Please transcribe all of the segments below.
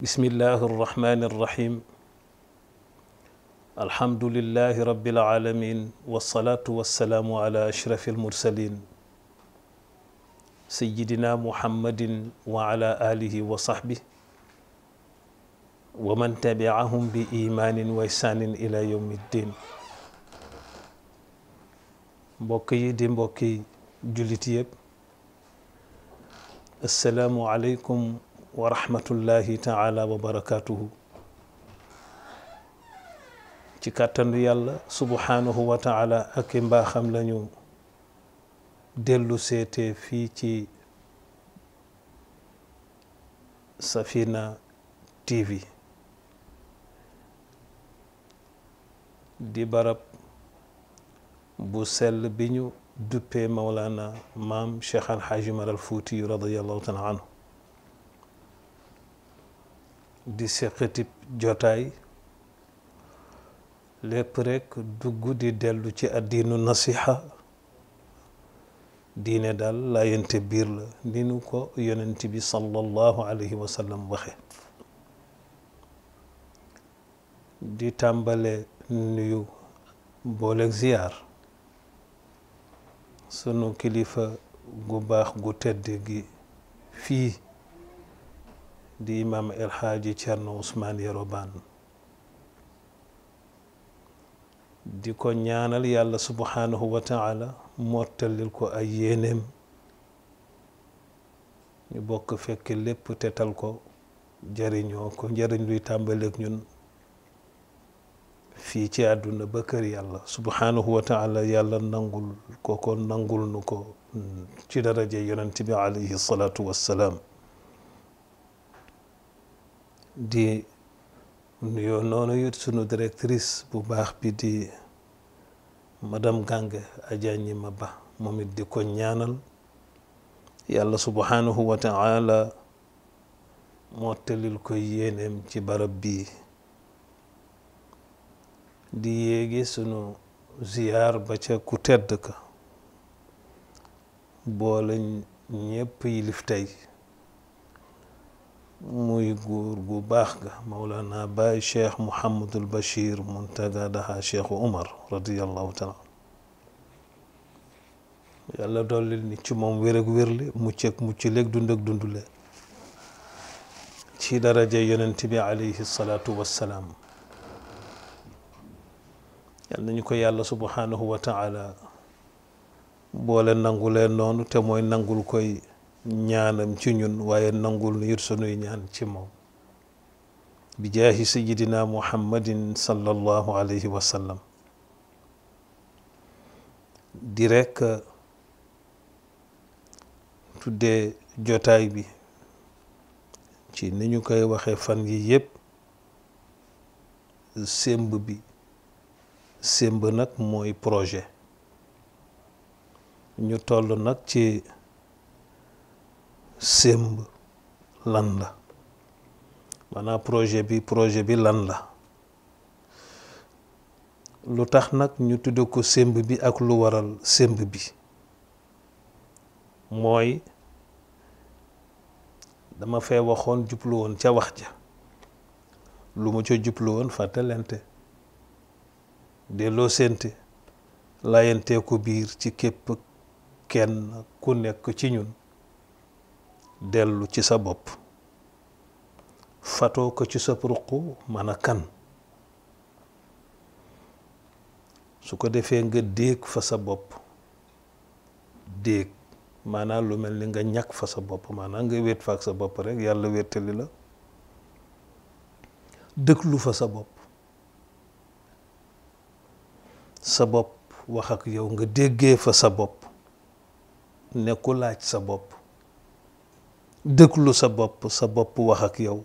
بسم الله الرحمن الرحيم الحمد لله رب العالمين والصلاة والسلام على أشرف المرسلين سيدنا محمد وعلى آله وصحبه ومن تبعهم بإيمان وإحسان إلى يوم الدين بوكي دين بوكي jullit yëpp assalaamu aleykum wa rahmatullahi taala wa barakaatuhu ci kàttanu yàlla subhaanahu wa taala ak i mbaaxam lañu dellu seete fii ci Safina TV di barab bu sell bi ñu duppee mawlana maam cheikh alhaaji Umar al Fuuti radiallahu taala anhu di seqatib jotaay lépp rekk dugg di dellu ci addiinu nasiha diine daal laayante biir la ni nu ko yonent bi sallallahu alayhi wa sallam waxe di tàmbale nuyu booleeg ziyaar sunu kilifa gu baax gu tedd gi fii di imam El Hadji Thierno Ousmane Yero Bane di ko ñaanal yàlla subhanahu wa taala mottalil ko ay yéeneem ñu bokk fekk lépp tetal ko jëriñoo ko njëriñ luy tàmbaleeg ñun fii ci àdduna ba kër yàlla subhaanahu wa taala yàlla nangul ko ko nangul nu ko ci daraja yonent bi alayhi wa wassalaam di nuyoo noonu it sunu directrice bu baax bi di madam Gange Adja Nyima Ba moom it di ko ñaanal yàlla subhaanahu wa taala mottalil ko yéeneem ci barab bii di yeege sunu ziyaar ba ca ku tedd ka boole ñépp yilif tey muy góor gu baax ga Mawlana Baay Cheikh Mouhamadul Bachir Muntaga Daha Cheikh Umar radiyallahu taala yàlla dolli ni ci moom wér ak wérle mucc ak mucc leeg dund ak dundule ci daraja yonent bi alayhi salaatu wassalaam yal nañu ko yàlla subhanahu wa taala boole nangulee noonu te mooy nangul koy ñaanam ci ñun waaye nangul nu it ñaan ci moom bi jaahi sayidina muhammadin sallallahu alayhi wa sallam tuddee jotaay bi ci ni ñu koy waxee fan yi yépp sémb bi sémb nag mooy projet ñu tollu nag ci sémb lan la maanaa projet bi projet bi lan la lu tax nag ñu tudd ko sémb bi ak lu waral sémb bi mooy dama fee waxoon jublu woon ca wax ja lu mu ca jublu woon fàttalente delloo séente layentee ko biir ci képp kenn ku nekk ci ñun dellu ci sa bopp fatoo ko ci sa ruq mën a kan su ko defee nga déeg fa sa bopp déeg maanaam lu mel ni nga ñàkk fa sa bopp maanaa nga wéet fa ak sa bopp rek yàlla wéttali la dëglu fa sa bopp sa bopp wax ak yow nga déggee fa sa bopp ne ku laaj sa bopp déglu sa bopp sa bopp wax ak yow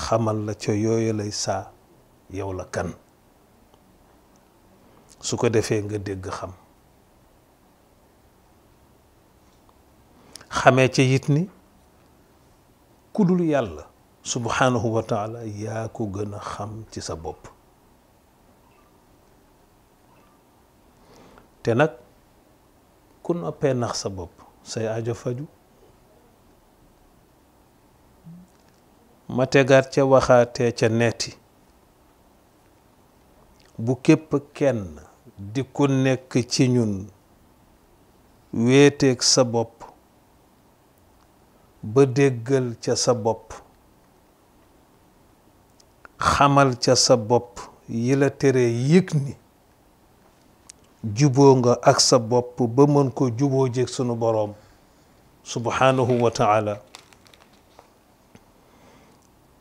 xamal la ca yooyu lay saa yow la kan su ko defee nga dégg xam xamee ca yit ni ku dul yàlla subhaanahu wa yaa ko gën a xam ci sa bopp nag ku noppee nax sa bopp say aajo faju ma tegaat ca waxaatee ca netti bu képp kenn di ku nekk ci ñun wéeteeg sa bopp ba déggal ca sa bopp xamal ca sa bopp yi la tere yëg ni juboo nga ak sa bopp ba mën ko juboo jeeg sunu boroom subhanahu wa taala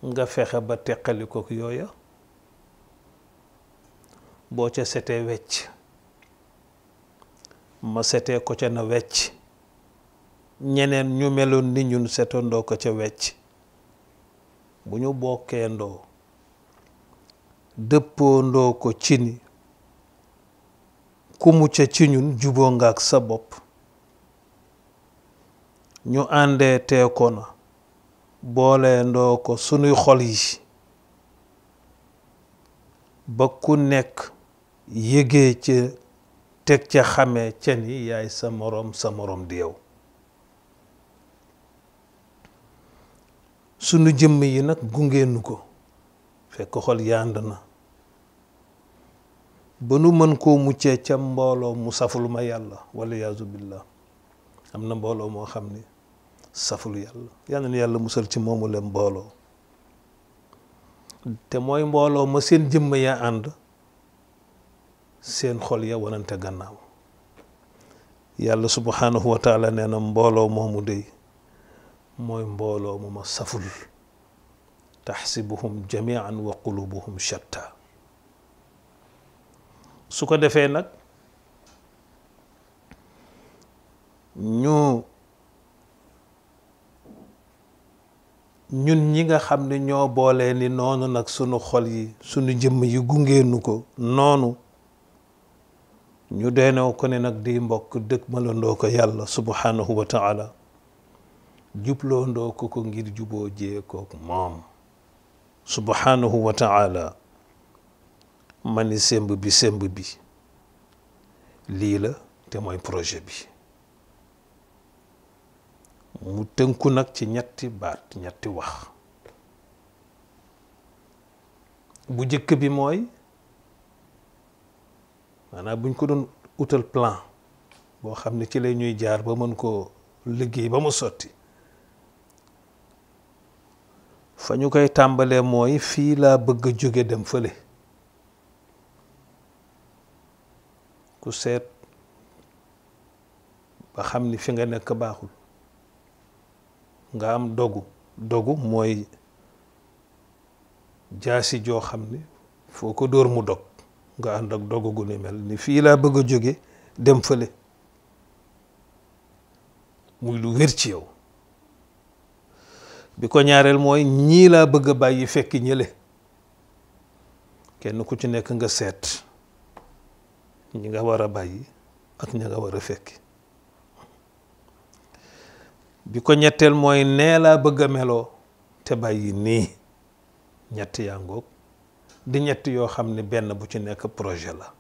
nga fexe ba teqali ko yooya boo ca setee wecc ma setee ko ca na wecc ñeneen ñu meloon ni ñun setandoo ko ca wecc bu ñu bokkeendoo dëppoondoo ko cini ku mucc ci ñun juboo nga ak sa bopp ñu àndee teeko na boolee ndoo ko sunuy xol yi ba ku nekk yëgee ca teg ca xamee ca ni yaay sa moroom sa moroom di yow sunu jëmm yi nag gungeenu ko fekk xol yànd na ba nu mën koo muccee ca mbolo mu saful ma yàlla wala yaasu billah amna mbolo mo xamni saful yàlla yàlla ni yàlla musal ci momu le mbolo te moy mbolo ma seen jëm ya ànd seen xol ya wonante gannaaw yàlla subhanahu wa taala neena mbolo momu de moy mbolo mu ma saful تحسبهم جميعا وقلوبهم شتى shatta su ko defee nag ñu ñun ñi nga xam ne ñoo boolee ni noonu nag sunu xol yi sunu jëmm yi gungeenu ko noonu ñu deenew ko ne nag di mbokk dëkmalandoo ko yàlla subhanahu wa taala jubloondoo ko ko ngir juboo jee koog moom subhanahu wa taala ma ni semb bi semb bi lii la te mooy projet bi mu tënku nag ci ñetti baat ñetti wax bu jëkk bi mooy maanaam buñ ko doon utal plan boo xam ne ci lay ñuy jaar ba mën koo liggéey ba mu sotti fa ñu koy tàmbalee mooy fii laa bëgg a jóge dem fële ku seet ba xam ni fi nga nekk baaxul nga am dogu dogu mooy jaasi joo xam ni foo ko dóor mu dog nga ànd ak dogu mel ni fii laa bëgg a jóge dem fële muy lu wér ci yow bi ko ñaareel mooy ñii laa bëgg a bàyyi fekk ñële kenn ku ci nekk nga seet ñi nga war a bàyyi ak ña nga war a fekki bi ko ñetteel mooy nee laa bëgg a meloo te bàyyi nii ñett yaa ngoog di ñett yoo xam ne benn bu ci nekk projet la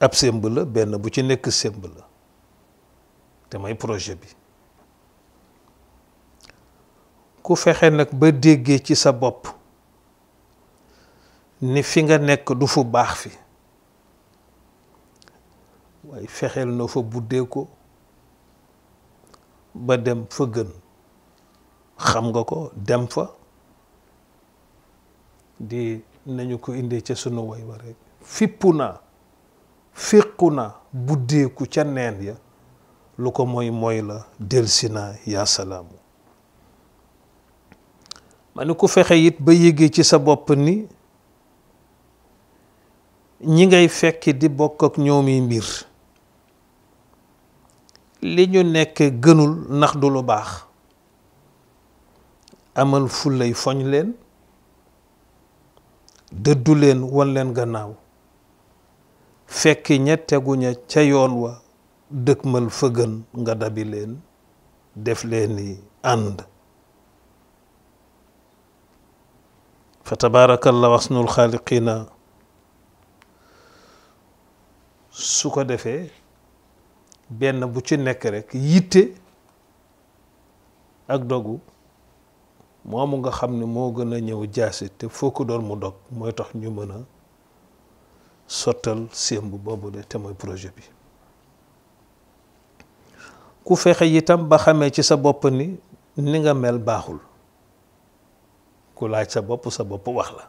ab semb la benn bu ci nekk semb la te mooy projet bi ku fexe nag ba déggee ci sa bopp ni fi nga nekk du fu baax fi waaye fexeel noo fa buddee ba dem fa gën xam nga ko dem fa di nañu ko indee ca sunu way wa rek fippu naa fiqu naa buddeeku ca neen ya lu ko mooy mooy la delsi naa yaa salaamu ma ku fexe it ba yéegee ci sa bopp ni ñi ngay fekki di bokk ak ñoomi mbir li ñu nekk gënul ndax du lu baax amal fullay foñ leen dëddu leen wan leen gannaaw fekk ña teguña ca yoon wa dëkk dëkkmal fa gën nga dabi leen def leeni ànd fa tabaarakallahu ahsanul xaaliqiina su ko defee benn bu ci nekk rekk yitte ak dogu moomu nga xam ni moo gën a ñëw jaasi te foo doon mu dog mooy tax ñu mën a sottal sémb boobu de te mooy projet bi ku fexe itam ba xamee ci sa bopp ni ni nga mel baaxul ku laaj sa bopp sa bopp wax la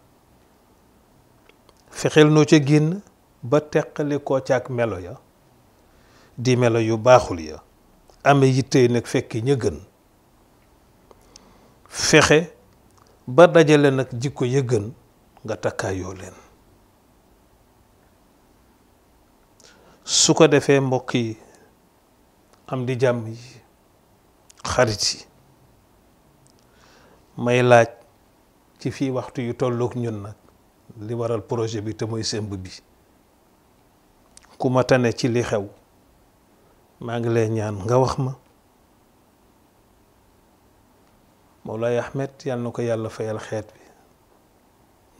fexel noo ca génn ba teqali koo caag melo ya di melo yu baaxul ya ame yittey nag fekki ña gën fexe ba dajale nag jikko ya gën nga takkaayoo leen su ko defee mbokk yi am di jàmm yi xarit yi may laaj ci fi waxtu yu tollook ñun nag li waral projet bi te mooy semb bi ku ma tane ci li xew maa ngi lay ñaan nga wax ma Mawlaay Ahmed yàlla na ko yàlla fayal xeet bi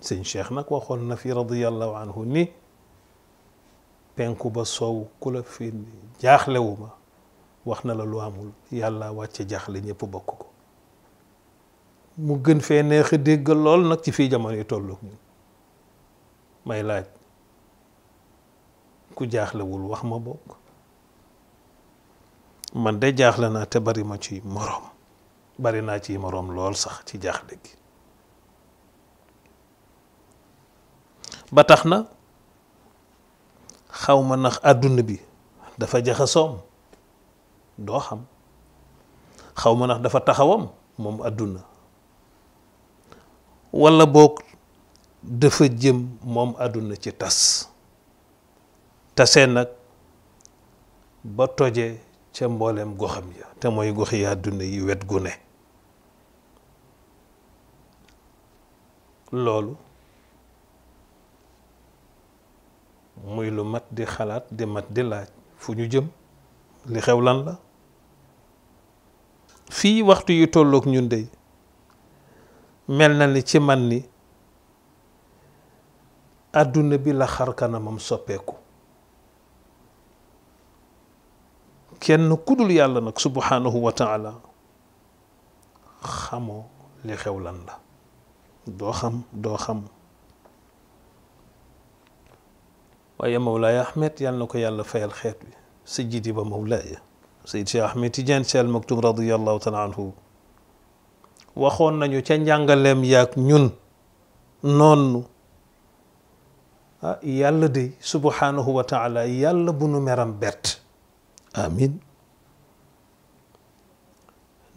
sëñ Cheikh nag waxoon na fi radiyallahu anhu ni penku ba sow ku la fi jaaxlewuma wax na la lu amul yàlla wàcce jaaxle ñëpp bokk ko mu gën fee neex a dégg lool nag ci fii jamono yi tolloog ñun may laaj ku jaaxlewul wax ma bokk man de jaxlana te bari ma ci morom bari na ci morom lol sax ci jax gi ba taxna xawma nax aduna bi dafa jaxasoom do xam xawma nax dafa taxawam mom aduna wala bok dafa jëm mom aduna ci tas tase nak ba toje ca mbooleem goxam ya te mooy goxi àdduna yi wet gu ne loolu muy lu mat di xalaat di mat di laaj fu ñu jëm li xew lan la fii waxtu yu tollook ñun dey mel na ni ci man ni àdduna bi la xar kanamam soppeeku كين كودل يالا نك سبحانه وتعالى خمو لي خولاندا دو خم دو خم ويا مولاي احمد يالا نكو يالا فايل خيت سجيدي با مولاي سيدي احمد تيجان سال مكتوب رضي الله تعالى عنه waxoon nañu ca njàngaleem yaag ñun noonu ah yàlla de subhanahu wa taala yàlla bu nu meram bert amin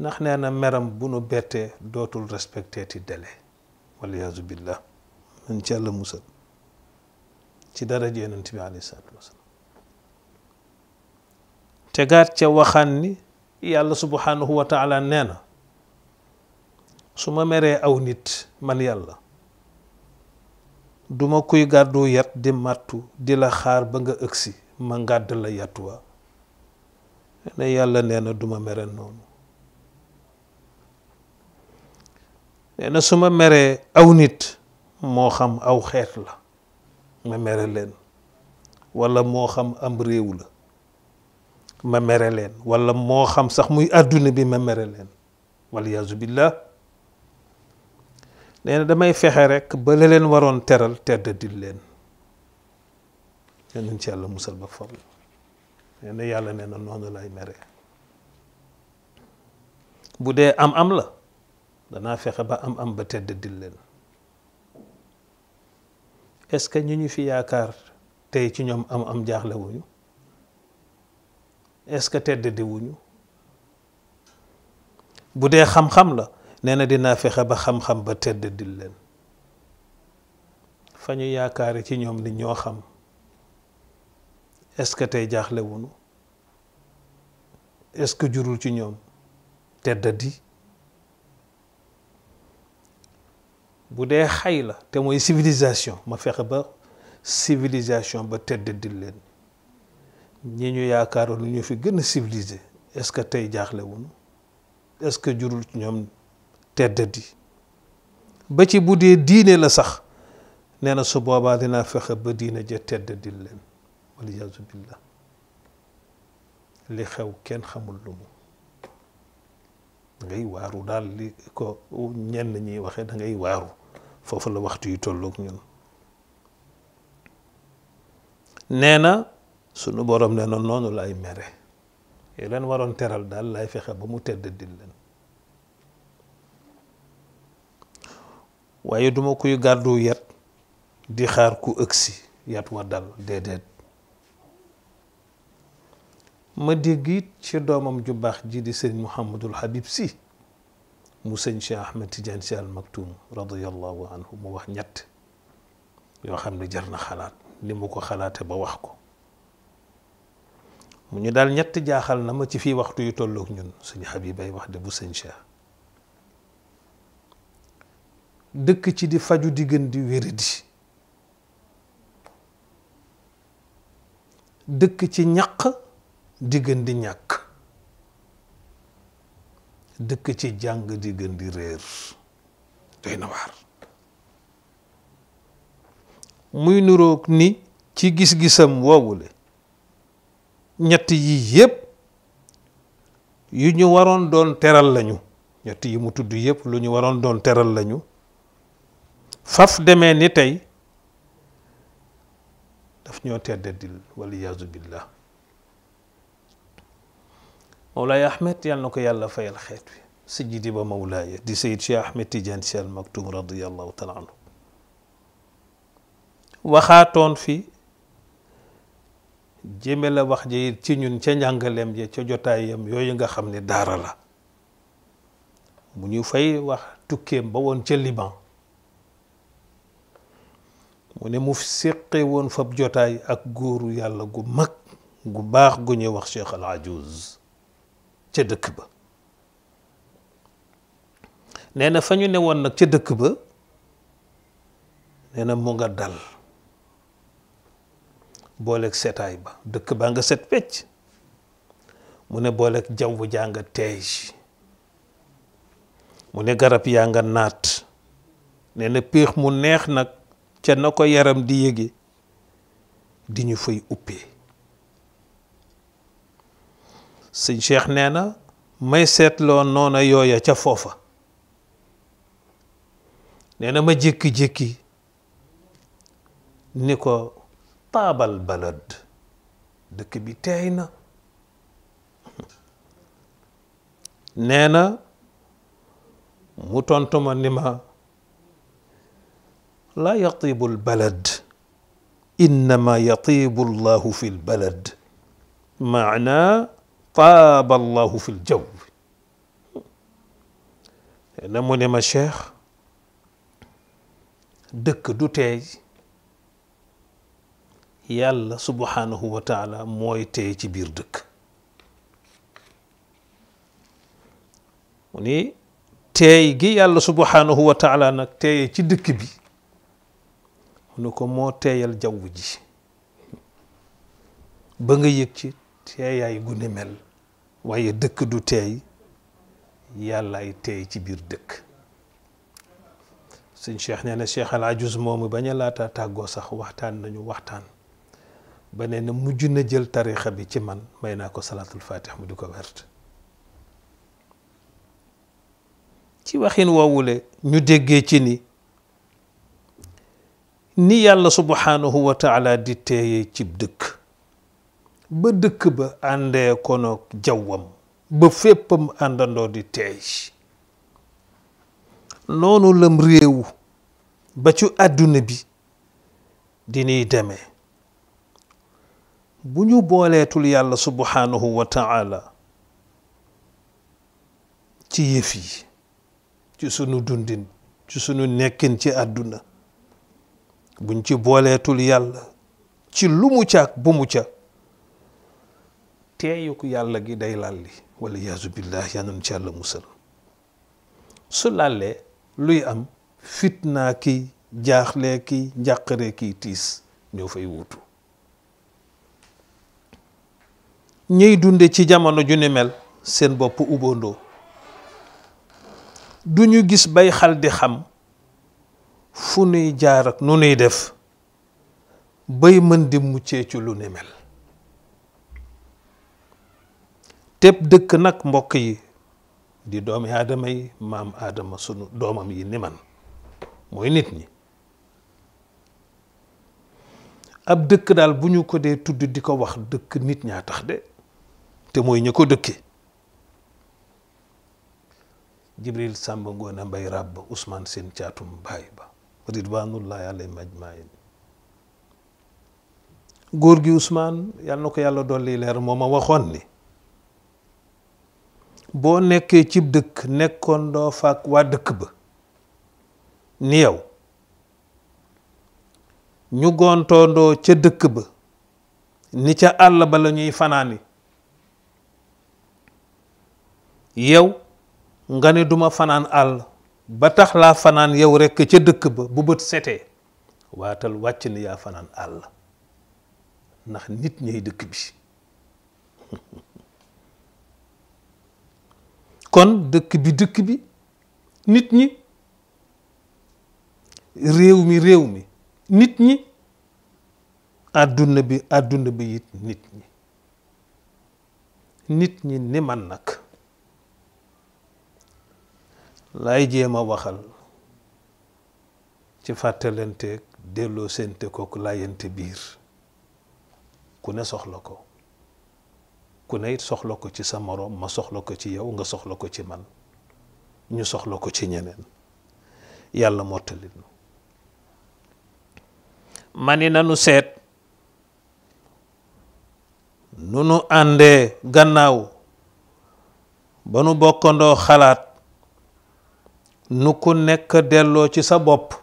ndax nee na meram bu nu bettee dootul respecté ti délai waliyaasu billah man ci yàlla musal ci daraja yonent bi alayhi salaatu wasalaam tegaat ca waxaan ni yàlla subhanahu wa nee na su ma meree aw nit man yàlla duma kuy gàddu yat di màttu di la xaar ba nga ëgsi ma ngàdd la yat wa ne yàlla nee na duma mere noonu nee na su ma meree aw nit moo xam aw xeet la ma mere leen wala moo xam am réew la ma mere leen wala moo xam sax muy àdduna bi ma mere leen waliyaasu billah nee na damay fexe rek ba la leen waroon teral tedd dil leen yal nañ ci yàlla musal ba far nee yàlla nee na noonu lay mere bu dee am am la danaa fexe ba am am ba tedd dil leen est-ce que ñu ñu fi yaakaar tey ci ñoom am am jaaxle wuñu est-ce que tedd di bu dee xam-xam la nee na dinaa fexe ba xam-xam ba tedd dil leen fa ñu yaakaare ci ñoom ni ñoo xam est-ce que tey jaaxle wuñu est-ce que jurul ci ñoom teddadi bu dee xay la te moy civilisation ma fexe ba civilisation ba di len ñi ñu yaakaaro lu ñu fi gën civilisé est-ce que tay jaxlé wuñu est-ce que jurul ci ñom ñoom di ba ci bu dee diine la sax néna su boba dina fexe ba diine je ja di len والعياذ بالله اللي خاو كان خمول لومو غي وارو دال لي كو نين ني واخي دا غي وارو فوفو لا وقت يي تولوك نين نينا سونو بوروم نينا نونو لاي ميري يلان وارون تيرال دال لاي فخه بامو تيد ديل لين waye duma koy gardo yat di xaar ku eksi yat wa dal dedet ma dégg it ci doomam ju baax jii di sëriñ Mouhamadul Habib si mu sëñ Cheikh Ahmed Tidiane si al Maktoum anhu mu wax ñett yoo xam ne jar na xalaat ni mu ko xalaate ba wax ko mu ñu daal ñett jaaxal na ma ci fi waxtu yu tollook ñun suñu Habib ay wax de bu sëñ Cheikh dëkk ci di faju di gën di wéradi dëkk ci ñaq. di di ñàkk dëkk ci jàng di gën di réer doy na waar muy nuroog ni ci gis-gisam woowule ñett yi yépp yu ñu waroon doon teral lañu ñett yi mu tudd yépp lu ñu waroon doon teral lañu faf deme ni tey daf ñoo teddadil waliyasu billah مولاي احمد يالنوك يالا فايل خيت بي سجدي با مولاي دي سيد شي احمد تيجان شي المكتوم رضي الله تعالى عنه وخاتون في جيملا واخ جي تي نون تي نانغاليم جي تي جوتاي يم يويغا خامني دارا لا مونيو فاي واخ توكيم با وون تي ليبان mune mu seqe won fab jotaay ak góoru yàlla gu mag gu baax gu ñuy wax cheikh al ajouz ca dëkk ba neena na fa ñu ne woon nag ca dëkk ba nee mu nga dal booleeg setaay ba dëkk baa nga set pecc mu ne booleek jaww jaa nga teej mu ne garab yaa nga naat nee piix mu neex nag ca na ko yaram di yége di ñu fay uppee سن شيخ نانا ما يسات لون نونا يا تفوفا نانا ما جيكي جيكي نيكو طاب البلد دك بيتاينا نانا موتونتوما نما لا يطيب البلد إنما يطيب الله في البلد معناه طاب الله في الجو انا موني ما شيخ دك دو تاج يالا سبحانه وتعالى موي تاج بير دك وني تاي جي يالا سبحانه وتعالى نك تاي تي دك بي ونكو مو تاي الجو جي بنغي يكتي teeyaay gu ni mel waaye dëkk du yàlla ay teey ci biir dëkk suñ cheikh nee na cheikh al ajuz moomu bañ a laata tàggoo sax waxtaan nañu waxtaan ba nee mujj na jël tarixa bi ci man may naa ko salaatul fatih mu di ko wert ci waxin woowule ñu déggee ci ni ni yàlla subhanahu wa taala di teeyee cib dëkk ba dëkk ba àndee konoog jawwam ba féppam àndandoo di teey noonu lam réew ba ci àdduna bi di nuy demee bu ñu booleetul yàlla subhanahu wa taala ci yëf ci sunu dundin ci sunu nekkin ci àdduna buñ ci booleetul yàlla ci lu mu caak bu mu ca teeyuk yàlla gi day làlli wala yaasu billah yaa nañu ci yàlla musal su làllee luy am fitnaa ki jaaxlee ki njàqare ki tiis ñoo fay wuutu ñuy dunde ci jamono ju ni mel seen bopp ubondoo du ñu gis bay xal di xam fu nuy jaar ak nu nuy def bay mën di muccee ci lu ni mel tepp dekk nak mbokk yi di doomi adama yi mam adama sunu domam yi ni man moy nit ñi ab dekk dal buñu ko dé tudd di wax dekk nit ñaa tax dé té moy ñako dekké jibril samba ngona mbay Rab Usman sen caatum bay ba ridwanullahi alayhi majma'in góor gi Usman yàlla na ko dolli leer moma ma ni boo nekkee cib dëkk nekkoon doo faak waa dëkk ba ni yow ñu gontoondoo ca dëkk ba ni ca àll ba lañuy ñuy fanaani yow nga ne duma fanaan àll ba tax laa fanaan yow rekk ca dëkk ba bu bët setee waatal wàcc ni yaa fanaan àll ndax nit ñuy dëkk bi kon dëkk bi dëkk bi nit ñi réew mi réew mi nit ñi àdduna bi àdduna bi it nit ñi nit ñi ni man nag lay jéem a waxal ci fàttalanteeg delloo sente kook laayante biir ku ne soxla ko ku ne soxla ko ci sa moroom ma soxla ko ci yow nga soxla ko ci man ñu soxla ko ci ñeneen yàlla mottali nu ma ni nanu seet nu nu àndee gannaaw ba nu bokkandoo xalaat nu ku nekk delloo ci sa bopp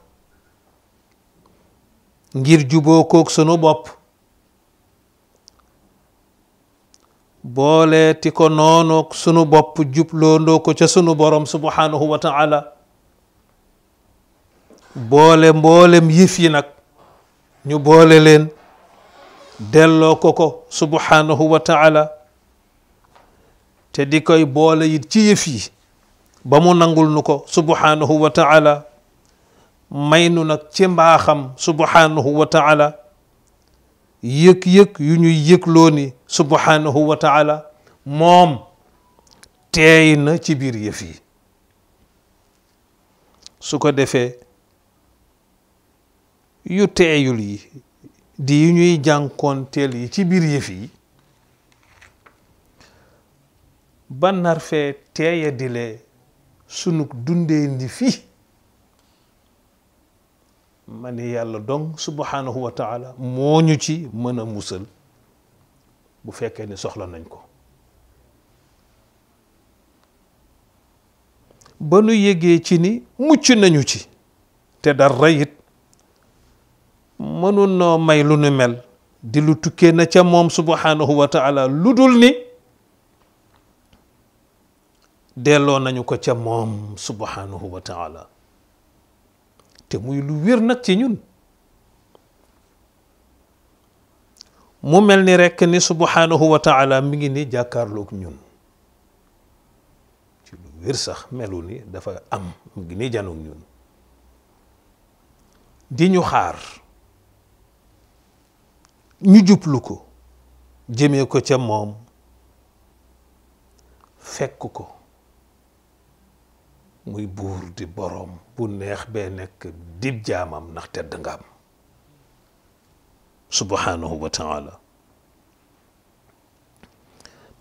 ngir juboo koog sunu bopp booleeti ko noonu sunu bopp jubloondoo ko ca sunu borom subhanahu wa ta'ala boole mboolem yëf yi nag ñu boole leen delloo ko ko subhanahu wa ta'ala te di koy boole it ci yëf ba mu nangul nu ko subhanahu wa ta'ala may nu nag ci mbaaxam subhanahu wa ta'ala yëkk yëkk yu ñuy yëgloo ni subhanahu wa moom teey na ci biir yëf yi su ko defee yu teeyul yi di yu ñuy jànkoonteel yi ci biir yëf yi ba nar fee teeya dilee sunug dundee ndi fii ma yàlla donc subhanahu wa moo ñu ci mën a musal bu fekkee ni soxla nañ ko ba nu yégee ci ni mucc nañu ci te dara it mënu noo may lu nu mel di lu tukkee na ca moom subhanahu wa lu dul ni delloo nañu ko ca moom subhanahu wa te muy lu wér nag ci ñun mu mel ni rekk ni subhanahu wa taala mi ngi ni jàkkaarloog ñun ci lu wér sax melu ni dafa am mi ngi ni janoog ñun di ñu xaar ñu jublu ko jëmee ko ca moom fekk ko muy buur di boroom bu neex bee nekk dib jaamam ndax tedd nga am subhanahu wa taala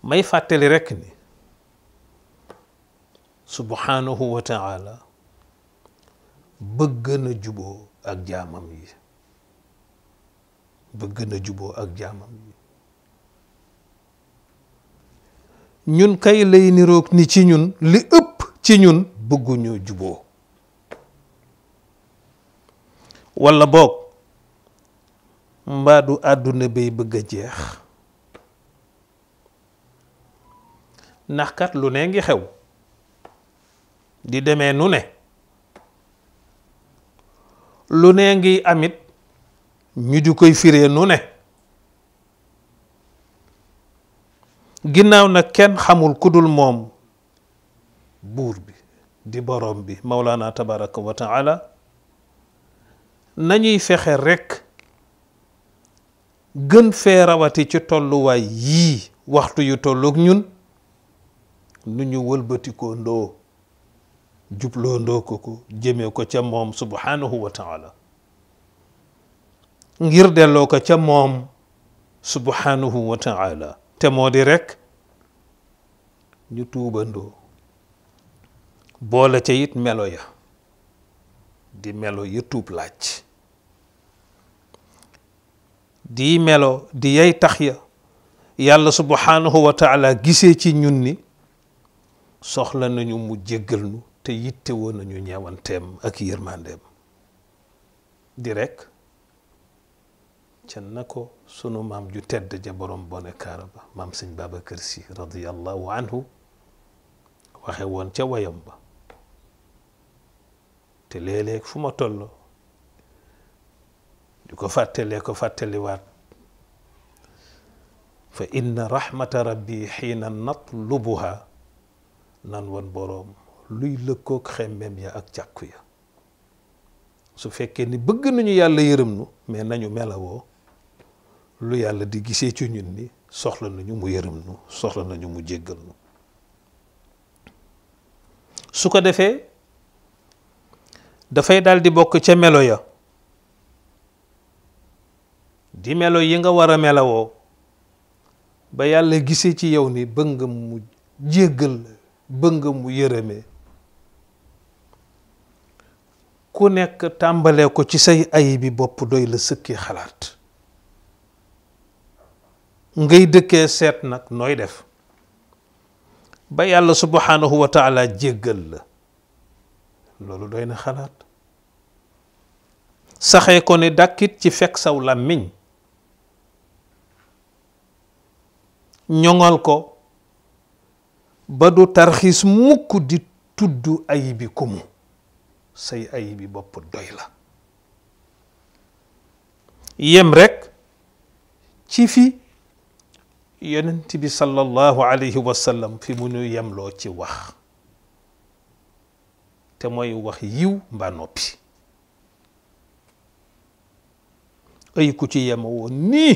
may fàttali rekk ni subhanahu wa taala bëgg na juboo ak jaamam yi bëgg na juboo ak jaamam yi ñun kay lay niroog ni ci ñun li ëpp ci ñun bëgguñu juboo walla boog mbaadu àdduna bay bëgg a jeex ndaxkat lu ne ngi xew di deme nu ne lu ne ngi amit ñu ju koy firee nu ne ginnaaw na kenn xamul ku dul moom buur bi di borom bi maulana tabaraka wa taala nañuy fexe rek gën fee rawati ci tolluwaay yii waxtu yu tolluk ñun nu ñu wëlbatikoo ndoo jubloo ndoo ko ko jëmee ko ca moom subhanahu wa taala ngir delloo ko ca moom subhanahu wa taala te moo di rek ñu tuubandoo boole ca it melo ya di melo ya tuub laaj di melo di yay tax ya yàlla subhanahu wa taala gisee ci ñun ni soxla nañu mu jéggal nu te yitte woon nañu ñeewanteem ak yërmandeem di rekk ca na ko sunu maam ju tedd ja borom bone kaara ba maam sëñ Babacar Si radiyallahu anhu waxe woon ca woyom ba te léeg fu ma toll di ko fàttalee ko fàttaliwaat fa inna rahmata rabbi xiina natlubuha nan woon boroom luy lëkkook xemmeem ya ak càkku ya su fekkee ni bëgg nañu yàlla yërëm nu mais nañu melawoo lu yàlla di gisee ci ñun ni soxla nañu mu yërëm nu soxla nañu mu jéggal nu su ko defee dafay dal di bokk ca melo ya di melo yi nga war a melowoo ba yàlla gisee ci yow ni bëgg mu jéggal bëgg mu yërëme ku nekk tàmbalee ko ci say ay bi bopp doy la sëkki xalaat ngay dëkkee seet nag nooy def ba yàlla subhanahu wa taala jéggal la loolu doyna na xalaat saxee ko ne dakit ci fek saw làmmiñ ñongal ko ba du tarxis mukk di tuddu ayibi kumu say ayibi bop doy la yem rek ci fi yonent bi sallallahu alayhi wa sallam fi mu ñu yemloo ci wax te mooy wax yiw mbaa noppi ay ku ci yema woon nii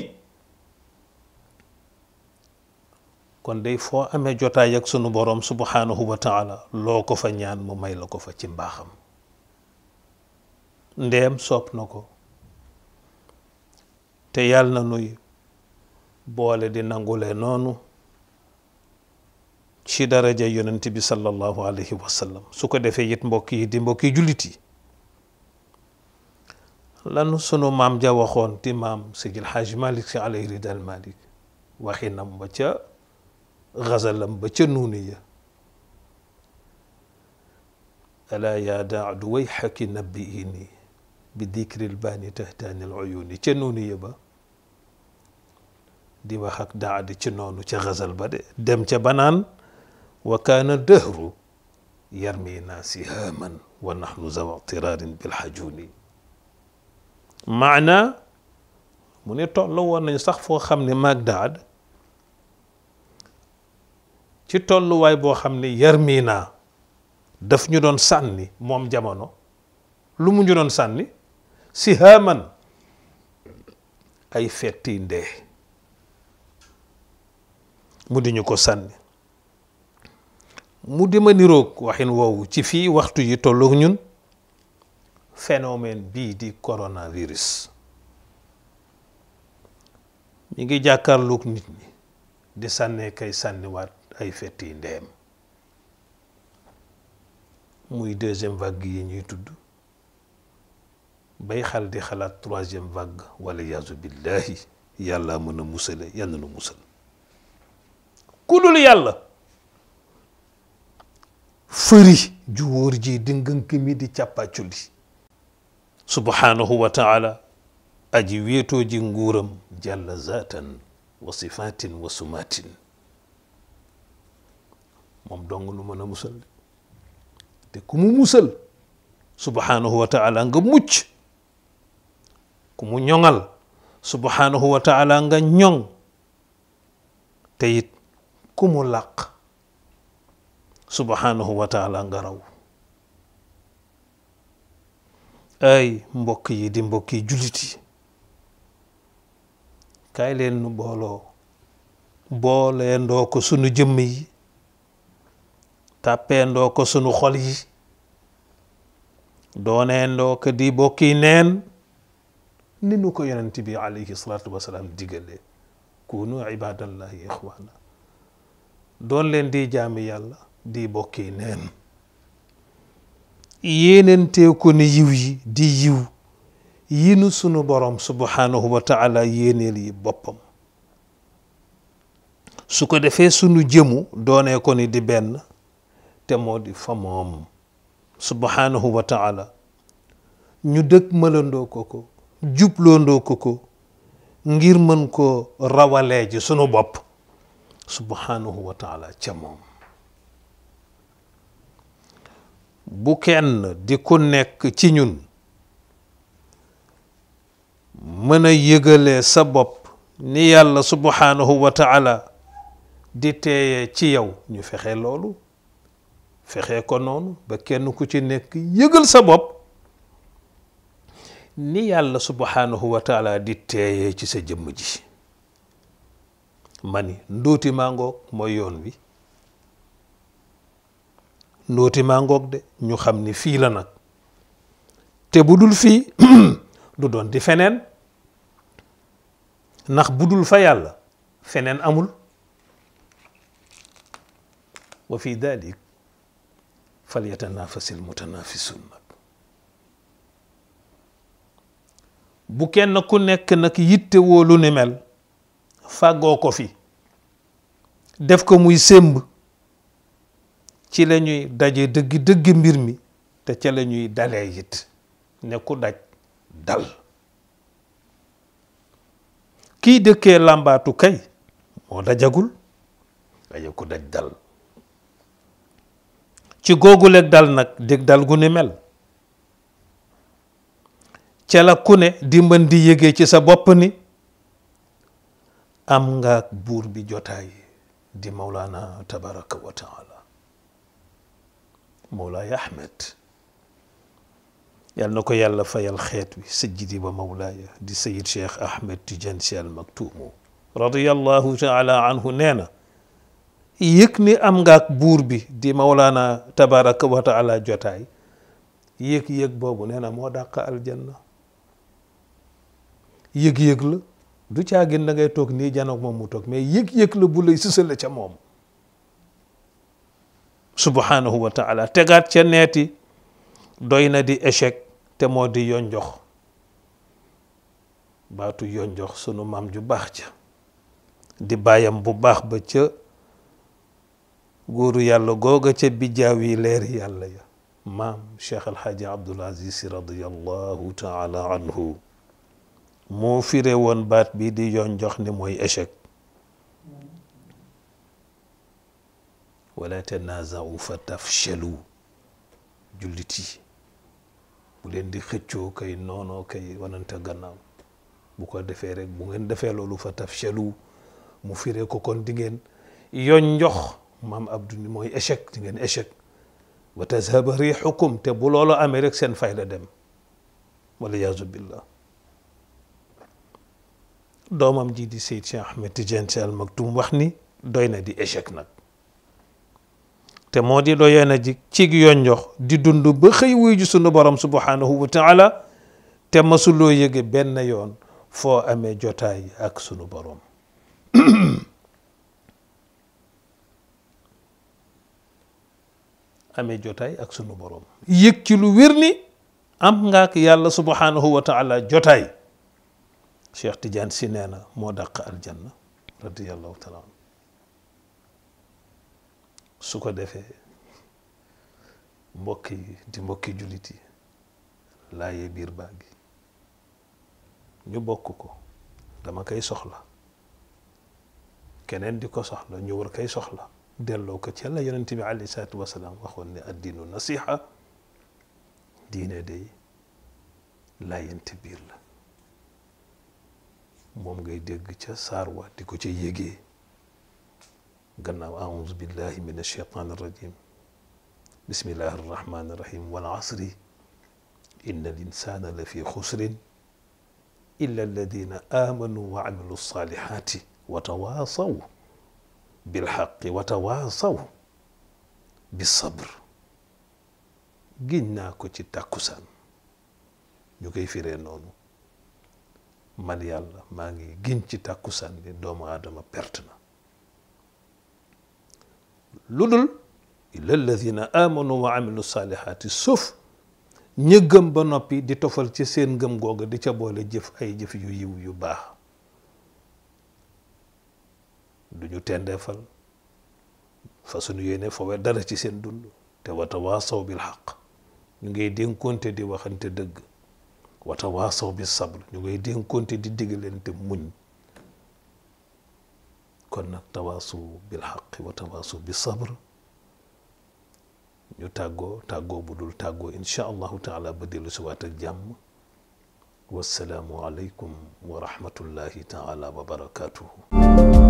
kon day foo amee jotaay ak sunu boroom subhanahu wa taala loo ko fa ñaan mu may la ko fa ci mbaaxam ndeem soob na ko te yàlla na nuy boole di nangule noonu ci daraja yonent bi sallallahu alayhi wa sallam su ko defee it mbokk yi di mbokk yi jullit yi lanu sunu maam ja waxoon ti maam Seydil Hadj Malick si alayhi ridal Malick waxinam ba ca xasalam ba ca nuuni ya alaa yaa daadu way xakki nabbi ini bi dikril baani tahtaanil uyuni ca ba di wax ak daadi ci noonu ca xasal ba de dem ca banaan wa kaana dëhru yarmina sihaman wa nahnu zawa bi bilxajuni maana mu ne toll woon nañ sax foo xam ne Magdaad ci tolluwaay boo xam ne yarmina daf ñu doon sànni moom jamono lu mu ñu doon sànni sihaman ay fetti ndee mu di ñu ko sànni mu di ma niroog waxin woowu ci fii waxtu yi tolloog ñun phénomène bii di coronavirus ñu ngi jàkkaarloog nit ñi di sànnee kay sànniwaat ay fetti yi ndeem muy deuxième vague yi ñuy tudd bay xal di xalaat troisième vague wala yaasu billahi yàlla mën a musale yàlla na musal ku dul yàlla fëri juwóor ji dingankami di càppaaculli subhanahu wa taala aji wéetoo ji nguuram jàlla zaatan wa sifaatin wa sumaatin moom dong nu mën a musal te ku mu musal subhanahu wa taala nga mucc ku mu ñoŋal subhanahu wa taala nga ñoŋ te it ku mu làq subhanahu wa taala nga raw mbokk yi di mbokk yi kay leen nu booloo booleendoo ko sunu jëmm yi tàppeendoo ko sunu xol yi dooneendoo ko di bokki neen ni nu ko yonent bi alayhi salaatu wasalaam digale kunu ibadallahi ixwaana doon leen di jaami yàlla di bokki neen yéenenteeku ne yiw yi di yiw yi sunu boroom subhanahu wa taala yi boppam su ko defee sunu jëmu doonee ko ni di benn te moo di famoom moom subhanahu wa ñu dëkk mëlandoo ko ko jubloondoo ko ko ngir mën ko rawalee ji sunu bopp subhanahu wa taala ca bu kenn di ku nekk ci ñun mën a yëgalee sa bopp ni yàlla subhanahu wa di teeyee ci yow ñu fexe loolu fexe ko noonu ba kenn ku ci nekk yëgal sa bopp ni yàlla subhanahu wa di teeyee ci sa jëmm ji ma ni nduuti maa mooy yoon wi nooti maa ngoog de ñu xam ni fii la nag te bu dul fii du doon di feneen ndax bu dul fa yàlla feneen amul wa fi dalik falyatanafasil mutanafisun nag bu kenn ku nekk nag yitte woolu ni mel fàggoo ko fi def ko muy semb ci la ñuy daje dëgg dëgg mbir mi te ci la ñuy dalee it ne ku daj dal kii dëkkee làmbaatu kay moo dajagul waaye ku daj dal ci googuleeg dal nag dég dal gu mel ca la ku ne di mën di yëgee ci sa bopp ni am nga buur bi jotaay di Mawlaana tabaraka wa مولاي أحمد yàlla na ko yàlla fayal xeet wi sajjidi ba mawlaaya di sayid cheikh ahmed tijan si al maktuumu radiallahu taala anhu nee na yëg ni am ngaak buur bi di mawlaana tabaraka wa taala jotaay yëg-yëg boobu nee na moo dàq aljanna yëg-yëg la du caagin da ngay toog nii janoog moom mu toog mais yëg-yëg la bu lay sësale ca moom subhanahu wa taala tegat ca neeti doyna di échec te moo di yonjox baatu yonjox sunu maam ju baax ca di bàyyam bu baax ba ca góoru yàlla googa ca bi yi leeri yàlla ya maam cheikh alxaaji abdul aziz radiallahu taala anhu moo fire woon baat bi di yonjox ni mooy échec wala tanaza'u fatafshalu jullit yi bu leen di xëccoo kay noonoo kay wanante gannaaw bu ko defee rek bu ngeen defee loolu fatafshalu mu firee ko kon di ngeen yoon njox maam Abdou ni mooy échec di ngeen échec wa tazhaba riixukum te bu loolu amee rek seen fayda dem wala yaazu billah doomam ji di Seyd Cheikh Ahmed Tidiane Sy Al Maktoum wax ni doy na di échec nag te moo di doyee na ji cig jox di dund ba xëy wuy ju sunu borom subhanahu wa taala te masuloo yëge benn yoon foo amee jotaay ak sunu borom amee jotaay ak sunu borom yëg ci lu wér ni am nga ak yàlla subhanahu wa taala jotaay Cheikh Tidiane si nee na moo dàq aljanna radiyallahu taala su ko defee mbokk yi di mbokki jullit yi laayee biir baa gi ñu bokk ko dama koy soxla keneen di ko soxla ñu war koy soxla delloo ko ci la yonent bi alayhi salaatu wasalaam waxoon ne addiinu nasiha diine day laayante biir la moom ngay dégg ca saar wa di ko ca yégee gannaaw aoudu billahi min alcheitan arrajim bismillahi arrahmani irrahim wal asri inna al insana la fi xusrin illa alladina amanu wa amilu lsalihati wa tawaasaw bilxaqi wa tawaasaw bisabr giñ naa ko ci tàkkusaan ñu koy firee noonu man yàlla maa ngi giñ ci tàkkusaan ni doomu aadama perte na lu dul illa alladina amanu wa amilu saalihaati suuf ña gëm ba noppi di tofal ci seen ngëm googa di ca boole jëf ay jëf yu yiw yu baax du ñu tendeefal fa suñu yéene foowe dara ci seen dund te watawaasaw bi xaq ñu ngay dénkonte di waxante dëgg watawaasaw bi sabr ñu ngay dénkonte di diggalante muñ كنا التواصل بالحق وتواصل بالصبر نتاغو تاغو بدول تاغو ان شاء الله تعالى بدل سوات الجم والسلام عليكم ورحمه الله تعالى وبركاته